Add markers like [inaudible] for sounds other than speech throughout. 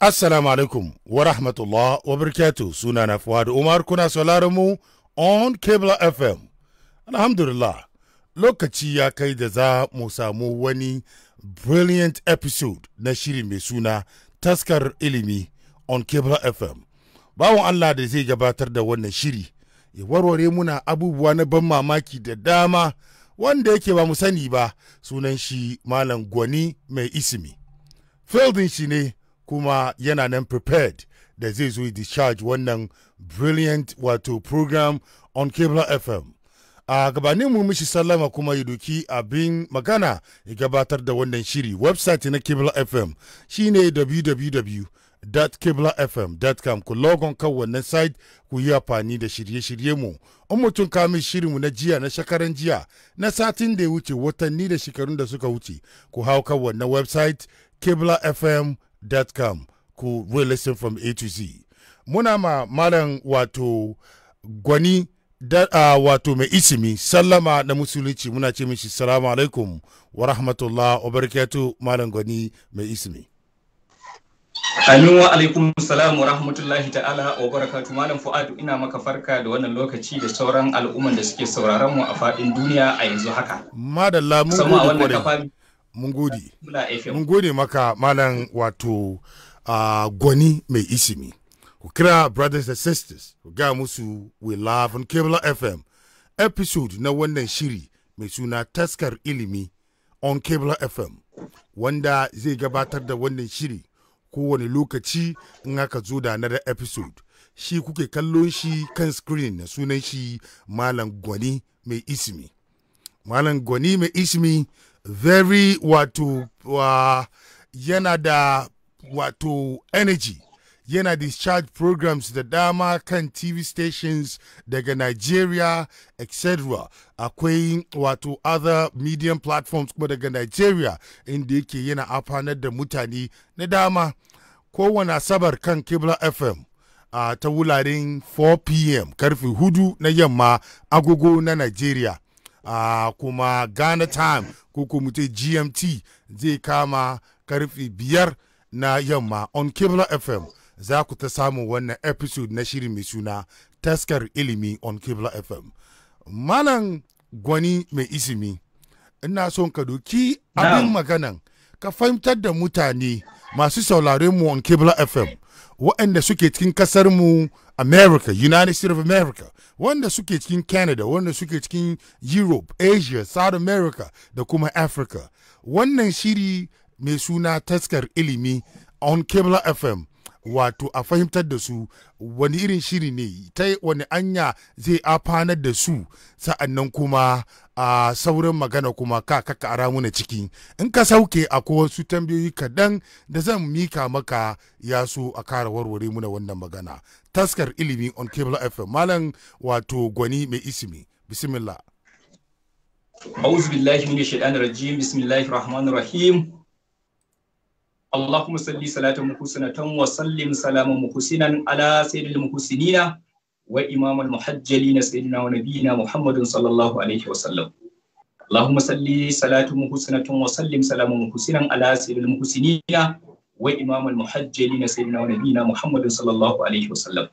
Assalamu alaikum wa rahmatullah wa barakatu suna na Fuad Umar kuna sauraron mu on Cable FM. Alhamdulillah lokaci ya kai da za mu samu wani brilliant episode na shiri mai suna taskar ilimi on Cable FM. Bawon Allah da zai gabatar da wannan shiri ya warware muna abubuwa na ban mamaki da dama wanda yake ba mu sani ba sunan shi Malam Gwani mai ismi. Fieldin shi ne kuma yana nan prepared da zai zo discharge wannan brilliant wato program on cable fm a gabanin mu mishi sallama kuma ya doki abin magana ya gabatar da wannan shiri website na cable fm shine www www.kiblafm.com ku logon kan wannan site ku yi amfani da shirye-shirye mu in mutum kamin mu na jiya na shekaran jiya na satin da ya wuce watanni da shekarun da suka wuce ku hau kan wannan website kiblafm.com com ku will listen from A to Z. Muna ma malam wato gwani da wato mai isimi sallama na musulunci muna ce mishi salamu alaikum wa rahmatullah wa barakatu malam gwani mai isimi. Amin wa alaikum salam wa rahmatullahi ta'ala wa barakatu malam Fu'adu ina maka farka da wannan lokaci da sauran al'umman da suke sauraron mu a faɗin duniya a yanzu haka. Madalla mun gode. mun gode mun gode maka malam wato uh, gwani mai isimi ku kira brothers and sisters ku ga musu we love on cable fm episode na wannan shiri mai suna taskar ilimi on cable fm wanda zai gabatar da wannan shiri kowane lokaci in aka zo da another episode shi kuke kallo shi kan screen na sunan shi malam gwani mai isimi malam gwani mai isimi very wato yana da wato energy yana discharge programs da dama kan TV stations daga Nigeria, etc. Akwai wato other medium platforms kuma daga Nigeria inda yake yana amfanar da mutane na dama kowane asabar kan Kibla FM. Uh, ta wuraren 4 pm karfe hudu na yamma agogo na Nigeria. uh, kuma ghana time ko kuma ce gmt zai kama karfi biyar na yamma on kibla fm za ku ta samu wannan episode na shirin mai suna taskar ilimi on kibla fm malam gwani mai isimi ina son ka doki abin maganan ka fahimtar da mutane masu sauraren mu on kibla fm waɗanda suke cikin kasar mu America, United States of America, wanda suke cikin Canada, wanda suke cikin Europe, Asia, South America da kuma Africa. Wannan shiri mai suna taskar ilimi on cable FM wato a fahimtar da su wani irin shiri ne ta wani anya zai afanar da su sa'annan kuma a saurin magana kuma ka kaka a muna ciki in ka sauke a wasu tambayoyi kaɗan da zan mika maka ya so a kara warware muna wannan magana taskar ilimi on cable fm malam wato gwani mai isimi bismillah a'udhu billahi min shaitanir rajim bismillahir rahmanir rahim Allahumma salli salatan muhsinatan wa sallim salaman muhsinan ala sayyidil muhsinina wa imamul muhajjalina sayyidina wa nabiyina muhammadin sallallahu alaihi wa sallam Allahumma salli salatan wa sallim muhsinan ala sayyidil muhsinina wa imamul muhajjali na sayyidina wa nabiyina Muhammadin sallallahu alaihi wasallam.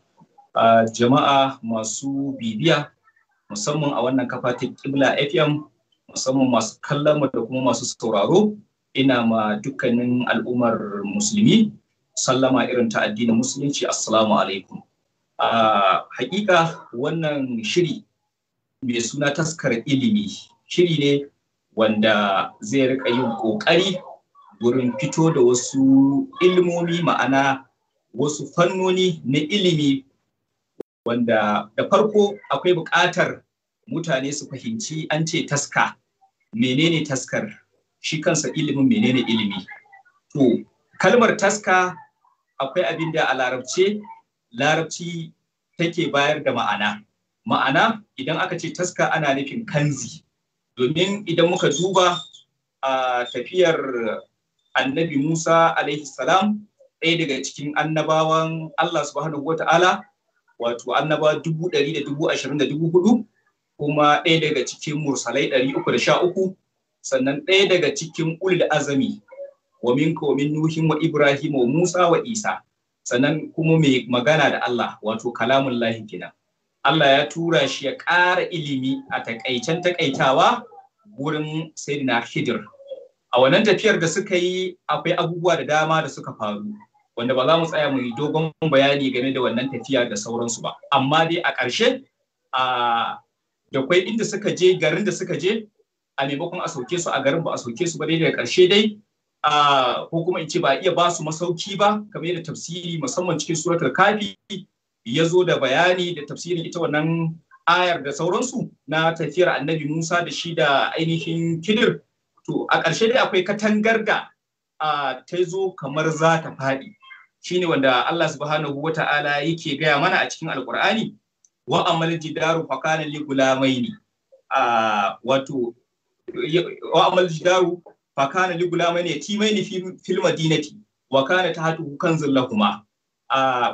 jama'a masu bibiya musamman a wannan kafa ta Qibla FM musamman masu kallon da kuma masu sauraro ina ma dukkanin al'ummar musulmi sallama irin ta addinin musulunci assalamu alaikum. A hakika wannan shiri mai suna taskar ilimi shiri ne wanda zai rika yin kokari gurin fito da wasu ilmomi ma'ana wasu fannoni na ilimi wanda da farko akwai buƙatar mutane su fahimci an ce taska menene taskar shi kansa ilimin menene ilimi to kalmar taska akwai abin da a larabce larabci take bayar da ma'ana ma'ana idan aka ce taska ana nufin kanzi domin idan muka duba a tafiyar annabi Musa alaihi salam ɗaya daga cikin annabawan Allah subhanahu wata'ala wato annaba dubu ɗari da dubu ashirin da dubu hudu kuma ɗaya daga cikin mursalai ɗari uku da sha uku sannan ɗaya daga cikin ulul azami wa minka wa min nuhin wa ibrahim wa musa wa isa sannan kuma mai magana da Allah wato kalamun lahi kenan Allah ya tura shi ya ƙara ilimi a takaicen takaitawa gurin sayyidina hidir. a wannan tafiyar da suka yi akwai abubuwa da dama da suka faru wanda ba za mu tsaya mu yi dogon bayani game da wannan tafiya da sauransu ba amma dai a ƙarshe a da kwai inda suka je garin da suka je a maimakon a sauke su a garin ba a sauke su ba dai daga ƙarshe dai ko kuma in ce ba iya ba su masauki ba kamar yadda tafsiri musamman cikin suratul kafi ya zo da bayani da tafsirin ita wannan ayar da sauransu na tafiyar annabi Musa da shi da ainihin Kidir To a ƙarshe dai akwai katangar da ta zo kamar za ta faɗi. Shine wanda Allah subhanahu wa ta'ala yake gaya mana a cikin Alƙur'ani wa amal jidaru fa li gulamai ne, wato wa amal jidaru fa kana li gulamaini ne filma dinati, wa kana zilla kuma.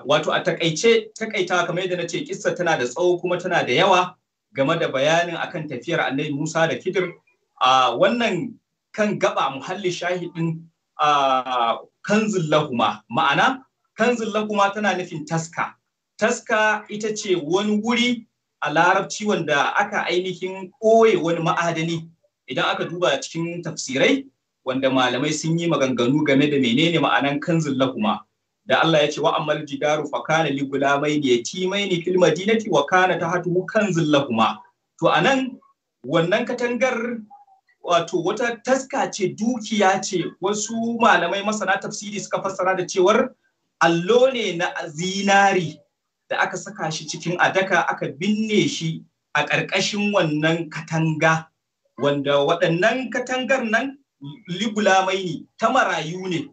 wato a takaice takaita kamar yadda na ce kisa tana da tsawo kuma tana da yawa game da bayanin akan tafiyar Annabi Musa da Kidir. wannan kan gaba muhalli shahidin kanzun lahuma ma'ana kanzun lahuma tana nufin taska taska ita ce wani wuri a larabci wanda aka ainihin koye wani ma'adani idan aka duba cikin tafsirai wanda malamai sun yi maganganu game da menene ma'anan kanzun lahuma da Allah ya ce wa ammal jidaru fa kana li timai ne fil madinati wa kana tahtuhu kanzun lahuma to anan wannan katangar wato wata taska ce dukiya ce wasu malamai masana tafsiri suka fassara da cewar allo ne na zinari da aka saka shi cikin adaka aka binne shi a ƙarƙashin wannan katanga wanda waɗannan katangar nan libulamai ne ta marayu ne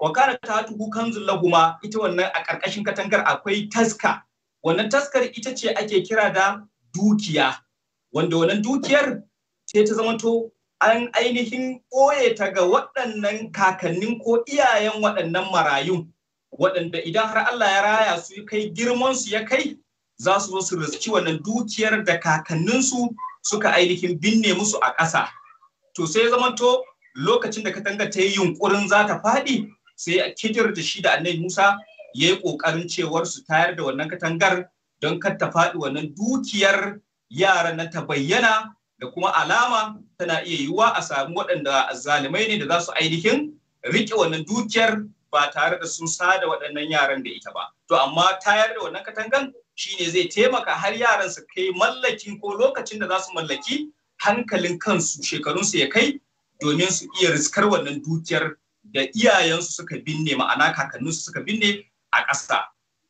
wa kana ta tuku kanzun lahuma ita wannan a ƙarƙashin katangar akwai taska wannan taskar ita ce ake kira da dukiya wanda wannan dukiyar sai ta zamanto an ainihin ɓoye ta ga waɗannan kakannin ko iyayen waɗannan marayun waɗanda idan har Allah ya raya su ya kai girmansu ya kai za su zo su riski wannan dukiyar da kakanninsu suka ainihin binne musu a ƙasa. To sai zamanto lokacin da katanga ta yi yunƙurin za ta faɗi sai a kidir da shi da annabi Musa ya yi ƙoƙarin cewar su tayar da wannan katangar don kar ta faɗi wannan dukiyar yara na ta bayyana da kuma alama tana iya yiwuwa a samu waɗanda zalimai ne da za su ainihin riƙe wannan dukiyar ba tare da sun sada waɗannan yaran da ita ba to amma tayar da wannan katangan shine zai taimaka har yaran su kai mallaki ko lokacin da za su mallaki hankalin kansu shekarunsu ya kai domin su iya riskar wannan dukiyar da iyayensu suka binne ma'ana kakanninsu suka binne a ƙasa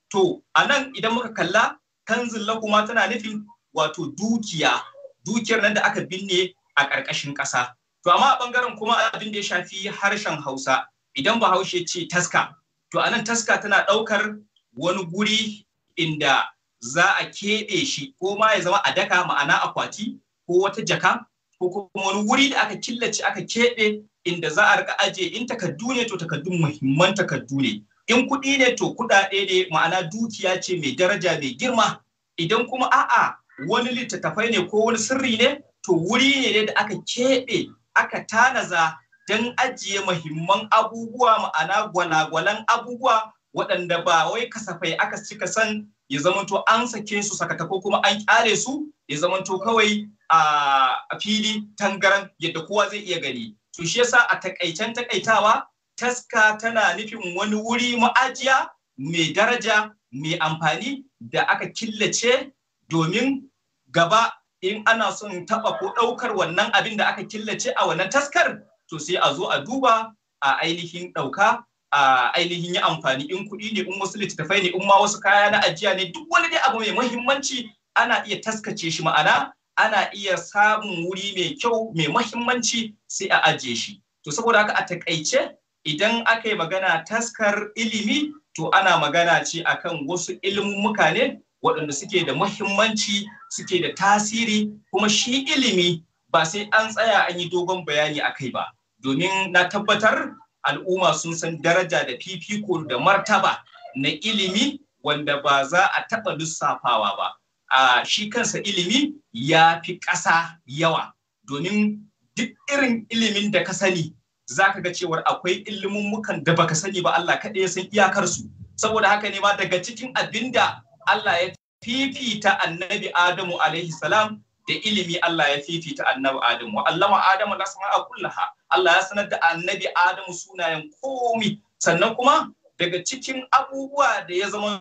to a nan idan muka kalla kanzin kuma tana nufin wato dukiya dukiyar nan da aka binne a ƙarƙashin ƙasa. To amma a ɓangaren kuma abin da ya shafi harshen Hausa idan Bahaushe ce taska, to a nan taska tana ɗaukar wani guri inda za a keɓe shi ko ma ya zama a daka ma'ana akwati ko wata jaka ko kuma wani wuri da aka killace aka keɓe inda za a rika ajiye in takardu ne to takaddun muhimman takardu ne in kuɗi ne to kuɗaɗe ne ma'ana dukiya ce mai daraja mai girma idan kuma a'a wani littattafai ne ko wani sirri ne to wuri ne da aka keɓe aka tanaza don ajiye mahimman abubuwa ma'ana gwalagwalan abubuwa waɗanda ba wai kasafai aka cika san ya zamanto an sake su sakata ko kuma an kyale su ya zamanto kawai a fili tangaran yadda kowa zai iya gani to shi yasa a takaicen takaitawa taska tana nufin wani wuri ma'ajiya mai daraja mai amfani da aka killace domin gaba in ana son taɓa ko ɗaukar wannan abin da aka killace a wannan taskar to sai a zo a duba a ainihin ɗauka a ainihin yi amfani in kuɗi ne in wasu littattafai ne in ma wasu kaya na ajiya ne duk wani dai abu mai muhimmanci ana iya taskace shi ma'ana ana iya samun wuri mai kyau mai muhimmanci sai a ajiye shi to saboda haka a takaice idan aka yi magana taskar ilimi to ana magana ce akan wasu ilimin ne waɗanda suke da muhimmanci suke da tasiri kuma shi ilimi ba sai an tsaya an yi dogon bayani a kai ba domin na tabbatar al'umma sun san daraja da fifiko da martaba na ilimi wanda ba za a taɓa lissafawa ba a shi kansa ilimi ya fi ƙasa yawa domin duk irin ilimin da ka sani za ka ga cewar akwai ilimin mukan da baka sani ba Allah kaɗai ya san iyakarsu saboda haka ne ma daga cikin abin da Allah ya fifita annabi Adamu alaihi salam da ilimi Allah ya fifita annabi Adamu allama Adamu na lasma'a kullaha Allah ya sanar da annabi Adamu sunayen komi sannan kuma daga cikin abubuwa da ya zama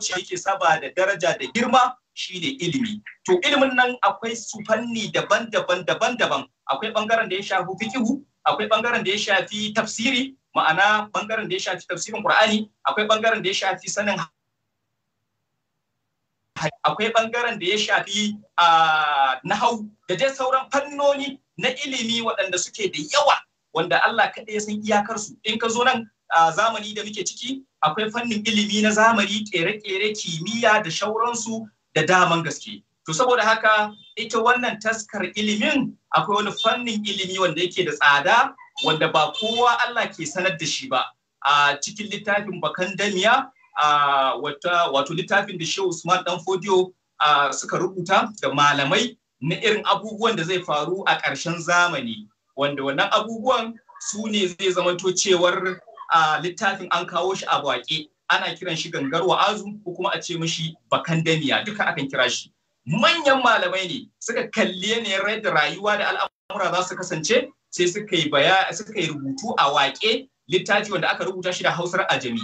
yake saba da daraja da girma shi ne ilimi to ilimin nan akwai su fanni daban-daban daban-daban akwai bangaren da ya shafi fikihu akwai bangaren da ya shafi tafsiri ma'ana bangaren da ya shafi tafsirin Qur'ani akwai bangaren da ya shafi sanin akwai bangaren da ya shafi nahau da dai sauran fannoni na ilimi waɗanda suke da yawa wanda Allah kaɗai ya san iyakarsu in ka zo nan a zamani da muke ciki akwai fannin ilimi na zamani ƙere-ƙere kimiyya da shauransu da daman gaske To saboda haka ita wannan taskar ilimin akwai wani fannin ilimi wanda yake da tsada wanda ba kowa Allah ke sanar da shi ba. A cikin littafin bakan damiya wato littafin da Shehu Usman Dan Fodiyo suka rubuta da malamai na irin abubuwan da zai faru a ƙarshen zamani wanda wannan abubuwan su ne zai zamanto cewar littafin an kawo shi a baƙi ana kiran shi gangar wa'azu ko kuma a ce mishi bakan damiya duka akan kira shi manyan malamai ne suka kalli yanayin da rayuwa da al'amura za su kasance sai suka yi suka yi rubutu a waƙe littafi wanda aka rubuta shi da hausar ajami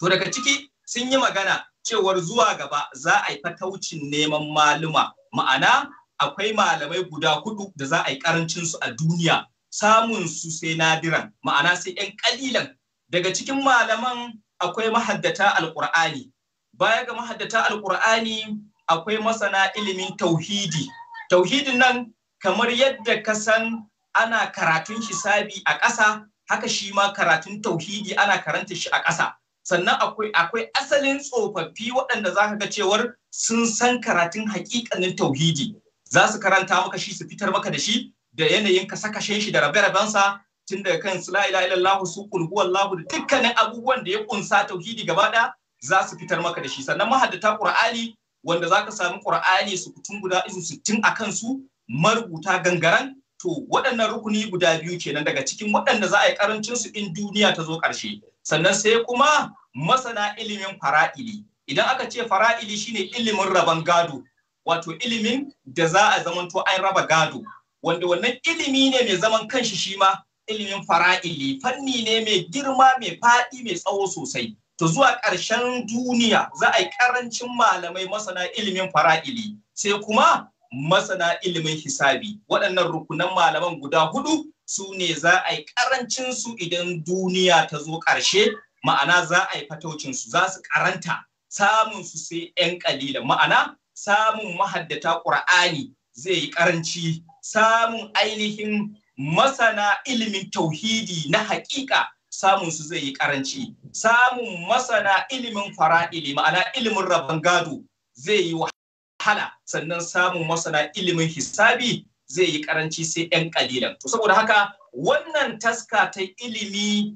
to daga ciki sun yi magana cewar zuwa gaba za a yi fataucin neman maluma ma'ana akwai malamai guda hudu da za a yi karancin su a duniya samun su sai nadiran ma'ana sai yan kalilan daga cikin malaman akwai mahaddata alqur'ani baya ga mahaddata alqur'ani akwai masana ilimin tauhidi tauhidin nan kamar yadda ka san ana karatun hisabi a ƙasa haka shi ma karatun tauhidi ana karanta shi a ƙasa sannan akwai akwai asalin tsofaffi waɗanda za ka ga cewar sun san karatun haƙiƙanin tauhidi za su karanta maka shi su fitar maka da shi da yanayin ka saka shi da rabe-rabensa tun daga kan su la'ila ilallahu su qul huwallahu da dukkanin abubuwan da ya ƙunsa tauhidi gaba ɗaya za su fitar maka da shi sannan mahaddata Ƙur'ani wanda za ka sami ƙur'ani su kutun guda izu sittin a kansu marubuta gangaran to waɗannan rukuni guda biyu kenan daga cikin waɗanda za a yi ƙarancin su in duniya ta zo ƙarshe sannan sai kuma masana ilimin fara'ili idan aka ce fara'ili shine ilimin raban gado wato ilimin da za a zamanto an raba gado wanda wannan ilimi ne mai zaman kanshi shi ma ilimin fara'ili fanni ne mai girma mai faɗi mai tsawo sosai to zuwa ƙarshen duniya za a yi ƙarancin malamai masana ilimin fara'ili sai kuma masana ilimin hisabi waɗannan rukunan malaman guda hudu su ne za a yi ƙarancin su idan duniya ta zo ƙarshe ma'ana za a yi fataucin su za su ƙaranta samun su sai 'yan ƙalilan ma'ana samun mahaddata ƙur'ani zai yi ƙaranci samun ainihin masana ilimin tauhidi na haƙiƙa samun su zai yi karanci samun masana ilimin fara'ili ma'ana ilimin rabon gado zai yi wahala sannan samun masana ilimin hisabi zai yi karanci sai 'yan kalilan to saboda haka wannan taska ta ilimi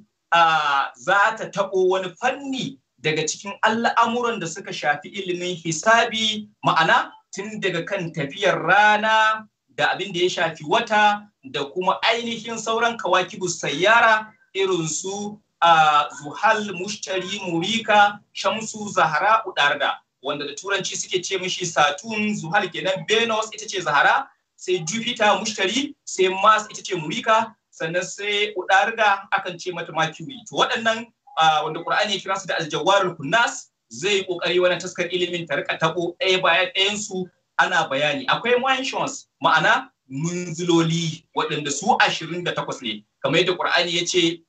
za ta taɓo wani fanni daga cikin al'amuran da suka shafi ilimin hisabi ma'ana tun daga kan tafiyar rana da abin da ya shafi wata da kuma ainihin sauran kawakibu sayyara irin su a zuhal mushtari murika shamsu zahara udarda wanda da turanci suke ce mishi saturn zuhal kenan venus ita ce zahara sai jupiter mushtari sai mars ita ce murika sannan sai udarda akan ce mata mercury to waɗannan wanda qur'ani ya kira su da aljawarul kunnas zai kokari wani taskar ilimin ta rika tabo ɗaya bayan ɗayan su ana bayani akwai mentions ma'ana munziloli waɗanda su ashirin da takwas ne kamar yadda Qur'ani ya ce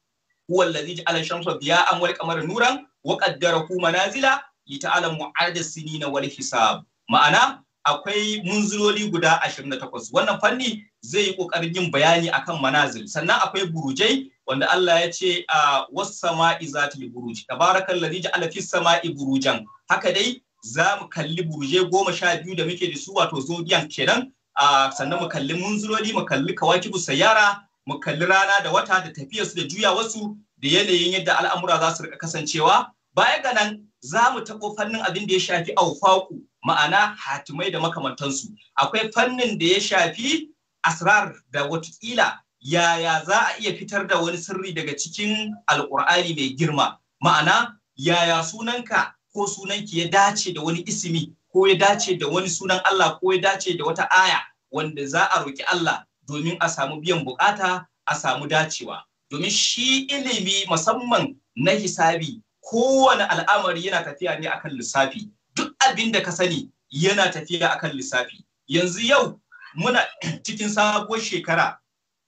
huwa allazi ja'ala shamsa diya'an wal qamara nuran wa qaddarahu manazila li ta'lamu adad sinina wal hisab ma'ana akwai munziloli guda 28 wannan fanni zai yi kokarin yin bayani akan manazil sannan akwai burujai wanda Allah ya ce a was-sama'i zati buruj tabarakal ladhi ja'ala fis sama'i burujan haka dai za mu kalli burujai goma sha biyu da muke da su wato zodiyan kenan A sannan mu kalli munzuloli mu kalli kawakibu sayara mu kalli rana da wata da su da juya wasu da yanayin yadda al'amura za su rika kasancewa baya ga nan za mu taɓo fannin abin da ya shafi aufaku ma'ana hatimai da makamantansu akwai fannin da ya shafi asrar da watakila yaya za a iya fitar da wani sirri daga cikin alƙur'ani mai girma ma'ana yaya sunanka ko sunanki ya dace da wani isimi ko ya dace da wani sunan Allah ko ya dace da wata aya wanda za a roki Allah domin a samu biyan bukata a samu dacewa domin shi ilimi musamman na hisabi kowane al'amari yana tafiya ne akan lissafi duk abin da ka sani yana tafiya akan lissafi yanzu yau muna [clears throat] cikin sabuwar shekara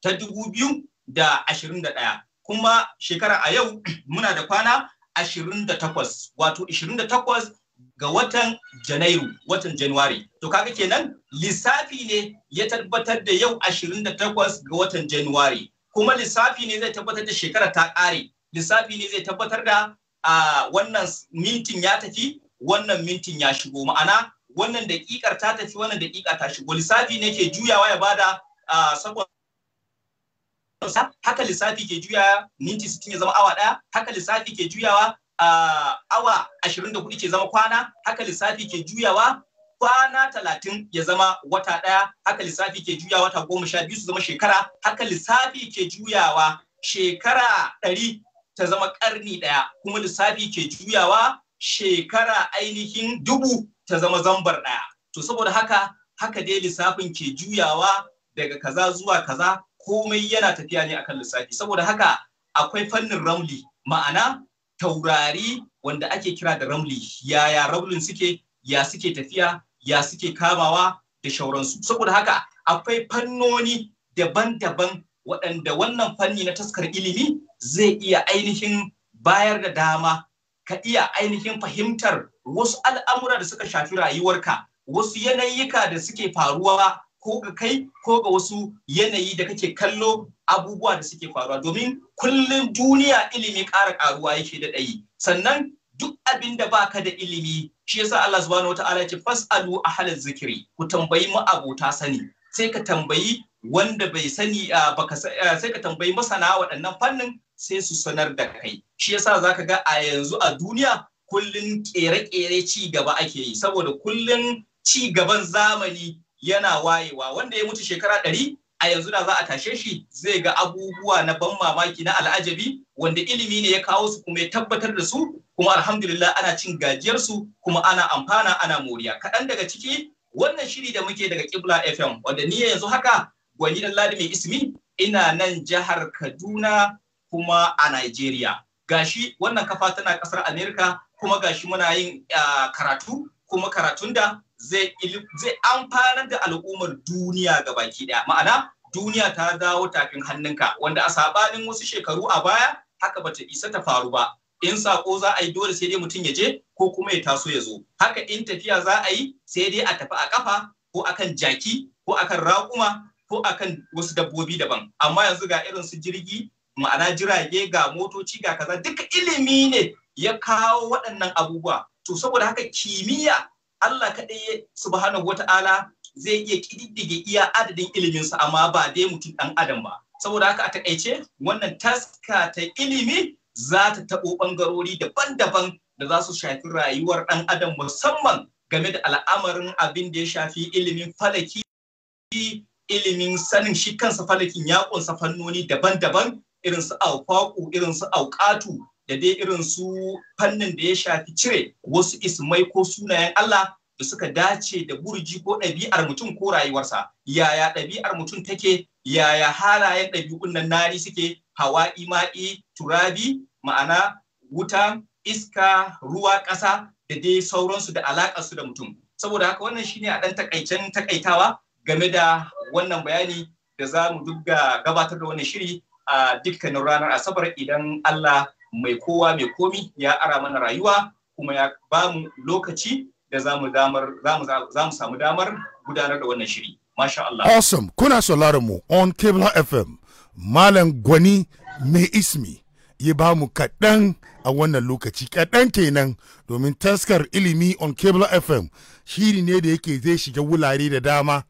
ta 2021 kuma shekara a yau [clears throat] muna da kwana 28 wato 28 ga watan Janairu, watan Januwari. To kaga kenan lissafi ne ya tabbatar da yau 28 ga watan Januwari. Kuma lissafi ne zai tabbatar da shekara ta ƙare. Lissafi ne zai tabbatar da a wannan mintin ya tafi, wannan mintin ya shigo. Ma'ana wannan daƙiƙar ta tafi, wannan daƙiƙa ta shigo. Lissafi ne ke juyawa ya bada saboda haka lissafi ke juya minti 60 ya zama awa ɗaya haka lissafi ke juyawa awa ashirin 24 ke zama kwana haka lissafi ke juyawa kwana talatin ya zama wata ɗaya haka lissafi ke juya wata goma sha biyu su zama shekara haka lissafi ke juyawa shekara ɗari ta zama ƙarni ɗaya kuma lissafi ke juyawa shekara ainihin dubu ta zama zambar ɗaya to saboda haka haka dai lissafin ke juyawa daga kaza zuwa kaza komai yana tafiya ne akan lissafi saboda haka akwai fannin ramli ma'ana taurari wanda ake kira da ramli yaya ramlin suke ya suke tafiya ya suke kamawa da shauransu saboda haka akwai fannoni daban-daban waɗanda wannan fanni na taskar ilimi zai iya ainihin bayar da dama ka iya ainihin fahimtar wasu al'amura da suka shafi rayuwarka wasu yanayika da suke faruwa ko ga kai ko ga wasu yanayi da kake kallo abubuwa da suke faruwa domin kullum duniya ilimi ƙara ƙaruwa yake da ɗayi sannan duk abin da baka da ilimi shi yasa Allah subhanahu wataala ya ce fasalu halin zikri ku tambayi mu abota sani sai ka tambayi wanda bai sani baka sai ka tambayi masana waɗannan fannin sai su sanar da kai shi yasa zaka ga a yanzu a duniya kullun kere-kere ci gaba ake yi saboda kullun ci gaban zamani yana wayewa wanda ya mutu shekara ɗari a yanzu na za a tashe shi zai ga abubuwa na ban mamaki na al'ajabi wanda ilimi ne ya kawo su kuma ya tabbatar da su kuma alhamdulillah ana cin gajiyar su kuma ana amfana ana moriya kaɗan daga ciki wannan shiri da muke daga Kibla FM wanda ni yanzu haka gwani dan Ladi mai ismi ina nan jihar Kaduna kuma a Nigeria gashi wannan kafa tana ƙasar America kuma gashi muna yin ah, karatu kuma karatun da zai amfanar da al'ummar duniya ga baki ɗaya ma'ana duniya ta dawo tafin hannunka wanda a saɓanin wasu shekaru a baya haka bata isa ta faru ba in sako za a yi dole sai dai mutum ya je ko kuma ya taso ya zo haka in tafiya za a yi sai dai a tafi a kafa ko akan jaki ko akan raƙuma ko akan wasu dabbobi daban amma yanzu ga irin su jirgi ma'ana jirage ga motoci ga kaza duka ilimi ne ya kawo waɗannan abubuwa to saboda haka kimiyya Allah kaɗai subhanahu wata'ala zai iya ƙididdige iya adadin iliminsa amma ba dai mutum ɗan adam ba saboda haka a taƙaice wannan taska ta ilimi za ta taɓo ɓangarori daban-daban da za su shafi rayuwar ɗan adam musamman game da al'amarin abin da ya shafi ilimin falaki ilimin sanin shi kansa falakin ya ƙunsa fannoni daban-daban irin su auƙaƙu irin su auƙatu da dai irin su fannin da ya shafi cire wasu ismai ko sunayen Allah da suka dace da burji ko ɗabi'ar mutum ko rayuwarsa yaya ɗabi'ar mutum take yaya halayen ɗabi'un nan nari suke hawa ima'i turabi ma'ana wuta iska ruwa ƙasa da dai sauransu da alaƙarsu da mutum saboda haka wannan shine a ɗan takaicen takaitawa game da wannan bayani da za mu gabatar da wannan shiri a dukkanin ranar asabar idan Allah mai kowa mai komi ya ara mana rayuwa kuma ya ba mu lokaci da za mu samu damar gudanar da wannan shiri. Masha Allah. Awesome. Kuna sauraron mu on Kebla FM. Malam Gwani mai ismi ya ba mu kaɗan a wannan lokaci kaɗan kenan domin taskar ilimi on Kebla FM shiri ne da yake zai shiga wulare da dama.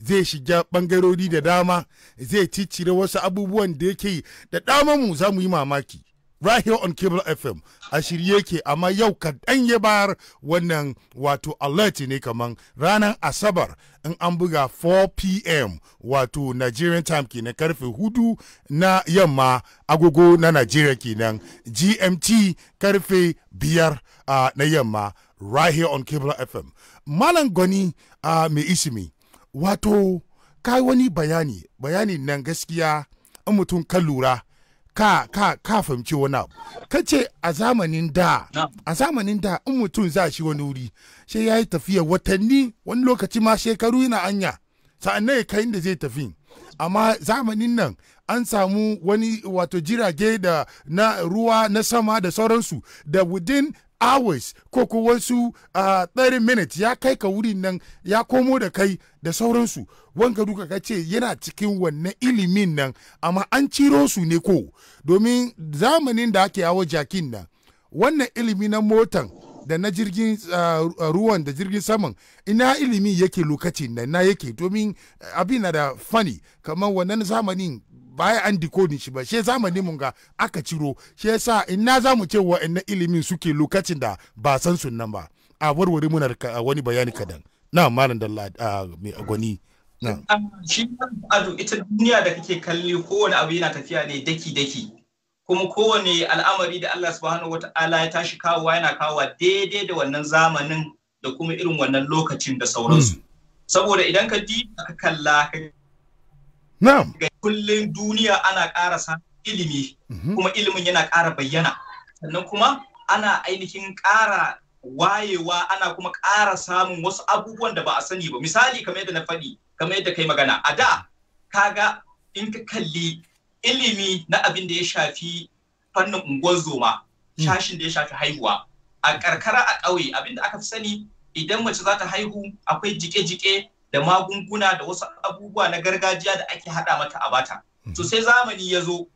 zai shiga bangarori da dama zai cicire wasu abubuwan da yake da dama mu za mu yi mamaki right here on Cable FM a shirye ke amma yau kaɗan ya bayar wannan wato alert ne kaman ranar Asabar in an buga 4 p.m. wato Nigerian time kenan karfe hudu na yamma agogo na Nigeria kenan GMT karfe biyar uh, na yamma right here on Cable FM. Malam Goni uh, mai isimi wato kai wani bayani bayani nan gaskiya in mutum kan lura ka ka ka fahimci wani abu ce a zamanin da a zamanin da in mutum za shi wani wuri sai yi tafiya watanni wani lokaci ma shekaru yana anya sa'annan ya kai inda zai tafi amma zamanin nan an samu wani wato jirage da na ruwa na sama da sauransu da within hours ko ko wasu uh, 30 minutes ya kai ka wurin nan ya komo da kai da sauransu wanka duka ka ce yana cikin wannan ilimin nan amma an ciro su ne ko domin zamanin da ake yawo jakin nan wannan ilimi na motan da na jirgin uh, ruwan da jirgin saman ina ilimi yake lokacin nan na yake domin abin na da fani kamar wannan zamanin baya an decoding shi ba she zamani mun ga aka ciro she yasa in na zamu ce wa'annan ilimin suke lokacin da ba san sunan ba a warware muna wani bayani kadan na malam dalla mai agwani ah, shi ado ita duniya da kake kalli kowane abu yana tafiya ne daki daki kuma kowane al'amari da Allah subhanahu wata'ala ya tashi kawowa yana kawowa daidai da wannan zamanin da kuma irin wannan lokacin da sauransu mm. saboda idan ka diba ka kalla ka Na'am. Kullum duniya ana ƙara samun ilimi mhm. kuma ilimin yana ƙara bayyana. Sannan kuma ana ainihin ƙara wayewa ana kuma ƙara samun wasu abubuwan da ba a sani ba. Misali kamar yadda na faɗi, kamar yadda kai magana. A da kaga in ka kalli ilimi na abin da ya shafi fannin unguwar zoma, hmm. shashin da ya shafi haihuwa. A karkara a ƙauye abin da aka fi sani idan mace za ta haihu akwai jike-jike da magunguna da wasu abubuwa na gargajiya da ake haɗa mata a bata mhm. to sai zamani ya zo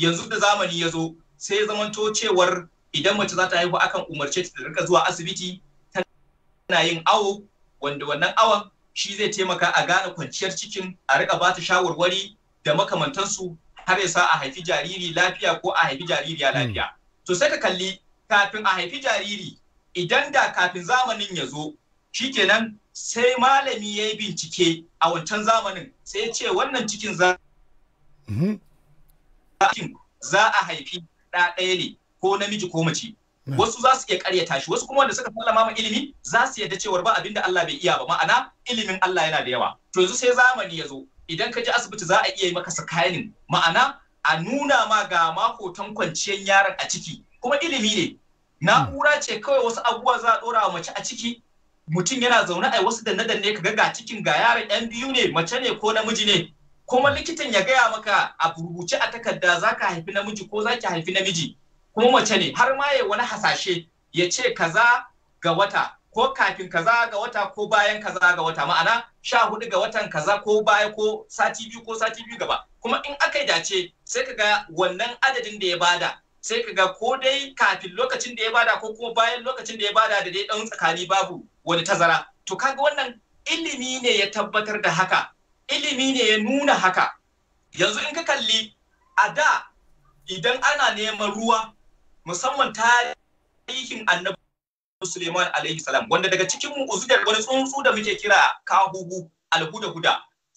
yanzu da zamani ya zo sai zamanto cewar idan mace za ta haihu akan umarce ta rika zuwa asibiti tana yin awo wanda wannan awon shi zai taimaka a gane kwanciyar cikin a rika ba ta shawarwari da makamantansu har ya sa a haifi jariri lafiya ko a haifi ya lafiya mhm. to sai ka kalli kafin a haifi jariri idan da kafin zamanin ya zo shikenan sai malami ya yi bincike a wancan zamanin sai ya ce wannan cikin za mhm. za a haifi ɗa ɗaya ne ko namiji ko mace wasu za su iya karyata shi wasu kuma wanda suka sallama ma ilimi za su yadda cewar ba abinda Allah bai iya ba ma'ana ilimin Allah yana da yawa to yanzu sai zamani ya zo idan ka ji asibiti za a iya yi maka sakanin ma'ana a nuna ma ga makotan kwanciyar yaran a ciki kuma ilimi ne na'ura ce kawai wasu abubuwa za a dora mace a ciki mutum yana zaune ai wasu danne danne kaga ga cikin ga yaran yan biyu ne mace ne ko namiji ne kuma likitan ya gaya maka a rubuce a takarda za ka haifi namiji ko za ki haifi namiji kuma mace ne har ma ya wani hasashe ya ce kaza ga wata ko kafin kaza ga wata ko bayan kaza ga wata ma'ana sha hudu ga watan kaza ko baya ko sati biyu ko sati biyu gaba kuma in aka yi dace sai ka ga wannan adadin da ya bada sai ka ga ko dai kafin lokacin da ya bada ko kuma bayan lokacin da ya bada da dai dan tsakani babu wani tazara to kaga wannan ilimi ne ya tabbatar da haka ilimi ne ya nuna haka yanzu in ka kalli a da idan ana neman ruwa musamman tarihin annabi Suleiman alaihi salam wanda daga cikin mu'uzudar wani tsuntsu da muke kira kahuhu alhuda-huda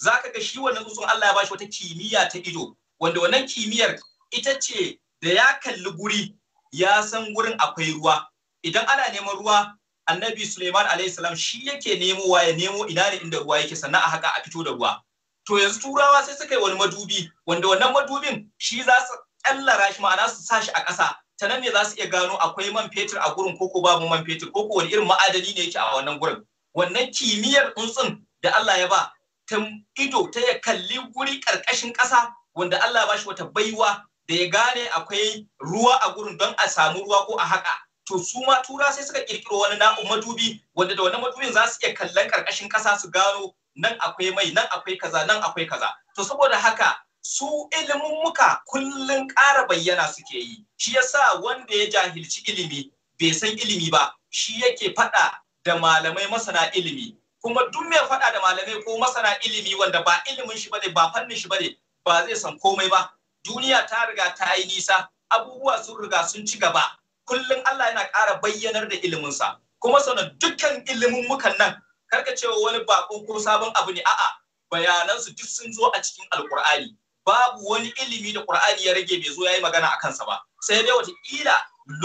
zaka ga shi wannan tsuntsun Allah ya bashi wata kimiyya ta ido wanda wannan kimiyyar ita ce da ya kalli guri ya san gurin akwai ruwa idan ana neman ruwa annabi Suleiman alayhi salam shi yake nemo wa ya nemo ina ne inda ruwa yake sannan a haka a fito da ruwa to yanzu turawa sai suka yi wani madubi wanda wannan madubin shi za su kallara shi ma'ana su sa shi a ƙasa ta nan ne za su iya gano akwai man fetur a gurin koko babu man fetur koko wani irin ma'adani ne yake a wannan gurin wannan kimiyyar tsuntsun da Allah ya ba ta ido ta ya kalli guri ƙarƙashin ƙasa wanda Allah ba shi wata baiwa bai gane akwai ruwa a gurin don a samu ruwa ko a haka to su ma tura sai suka kirkiro wani na'u madubi wanda da wannan madubin za su iya kallon karkashin ƙasa su gano nan akwai mai nan akwai kaza nan akwai kaza to saboda haka su ilimin muka kullun ƙara bayyana suke yi shi yasa wanda ya jahilci ilimi bai san ilimi ba shi yake faɗa da malamai masana ilimi kuma duk mai faɗa da malamai ko masana ilimi wanda ba ilimin shi bane ba fannin shi bane ba zai san komai ba duniya ta riga ta yi nisa abubuwa sun riga sun ci gaba kullum Allah yana ƙara bayyanar da iliminsa kuma sanar dukkan ilimin mukan nan karka cewa wani bako ko sabon abu ne a'a bayanansu duk sun zo a cikin alkur'ani babu wani ilimi da qur'ani ya rage bai zo yayi magana a kansa ba sai dai wataƙila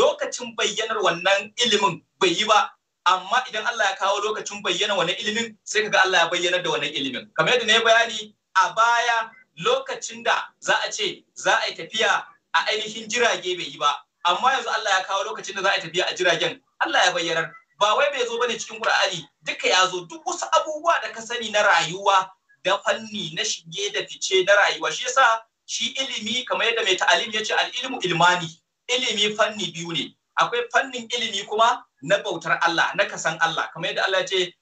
lokacin bayyanar wannan ilimin bai yi ba amma idan Allah ya kawo lokacin bayyana wannan ilimin sai kaga Allah ya bayyanar da wannan ilimin kamar yadda ne bayani a baya lokacin da za a ce za a yi tafiya a ainihin jirage bai yi ba amma yanzu Allah ya kawo lokacin da za a yi tafiya a jiragen Allah ya bayyana. ba wai bai zo bane cikin Qur'ani duka ya zo duk wasu abubuwa da ka sani na rayuwa da fanni na shige da fice na rayuwa shi yasa shi ilimi kamar yadda mai ta'alim ya ce al-ilmu ilmani ilimi fanni biyu ne akwai fannin ilimi kuma na bautar Allah na kasan Allah kamar yadda Allah ya ce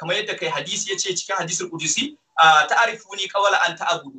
kamar yadda kai hadisi ya ce cikin hadisin kudusi ni kawala an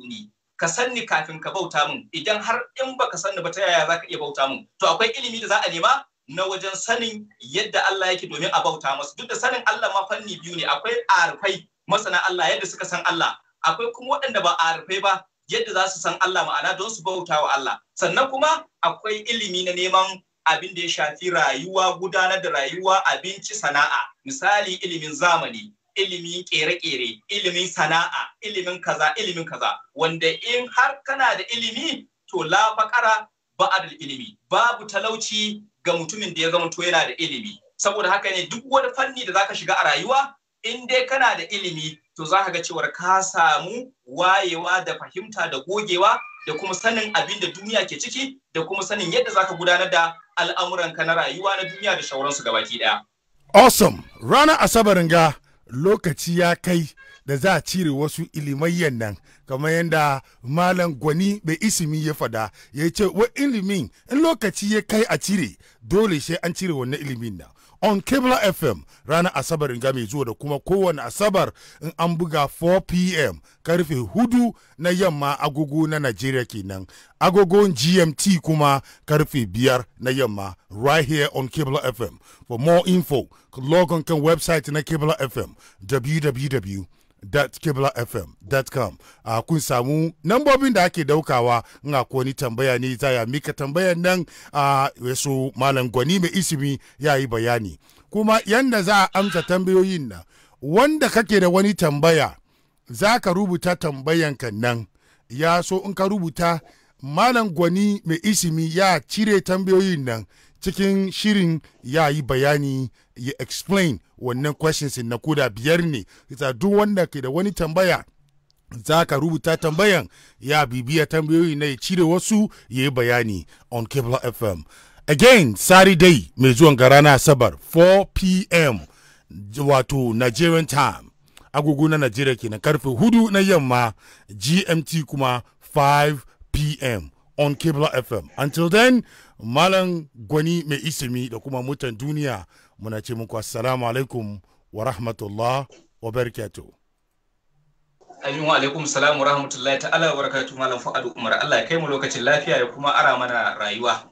ni. ka sanni kafin ka bauta mun idan har in baka sanni ba ta yaya zaka iya bauta mun to akwai ilimi da za a nema na wajen sanin yadda Allah yake domin a bauta masa duk da sanin Allah ma fanni biyu ne akwai arfai masana Allah yadda suka san Allah akwai kuma waɗanda ba arfai ba yadda za su san Allah ma'ana don su bauta wa Allah sannan kuma akwai ilimi na neman abin da ya shafi rayuwa gudanar da rayuwa abinci sana'a misali ilimin zamani ilimin kere-kere ilimin sana'a ilimin kaza ilimin kaza wanda in har kana da ilimi to la faƙara ba ilimi babu talauci ga mutumin da ya zama to yana da ilimi saboda haka ne duk wani fanni da zaka shiga a rayuwa in dai kana da ilimi to zaka ga cewar ka samu wayewa da fahimta da gogewa da kuma sanin abin da duniya ke ciki da kuma sanin yadda zaka gudanar da al'amuranka na rayuwa na duniya da shauransu gabaki daya. Awesome! Ranar Asabarin ga lokaci ya kai da za a cire wasu ilimayyan nan kamar yadda malam gwani bai isimi ya fada ya ce wa ilimin in lokaci ya kai a cire dole sai an cire wannan ilimin nan. on kebla FM ranar Asabar in mai zuwa da kuma kowane Asabar in an buga 4 p.m. karfe hudu na yamma agogo na Najeriya kenan. Agogon GMT kuma karfe biyar na yamma right here on kebla FM. For more info, log on kan website na kebla FM www fm.com a ah, kun samu nambobin da ake daukawa in ko wani tambaya ne za ya mika tambayan nan a ah, wasu malam gwani mai isimi ya yi bayani kuma yanda za a amsa tambayoyin nan wanda kake da wani tambaya za ka rubuta tambayan tambayanka nan ya so in ka rubuta malam gwani mai isimi ya cire tambayoyin nan cikin shirin ya yi bayani ya explain wannan questions na koda biyar ne ita duk wanda ke da wani tambaya za ka rubuta tambayan ya bibiya tambayoyi na ya cire wasu ya yi bayani on kebla fm again saturday mai zuwan ga rana asabar 4 pm wato nigerian time agogo na nigeria kenan karfe hudu na yamma gmt kuma 5 pm on kebla fm until then malam gwani mai isimi da kuma mutan duniya muna ce muku assalamu alaikum wa rahmatullah wa barakatuh Amin wa alaikum salam wa rahmatullahi ta'ala wa barakatu malam Fa'adu Umar Allah ya kai mu lokacin lafiya ya kuma ara mana rayuwa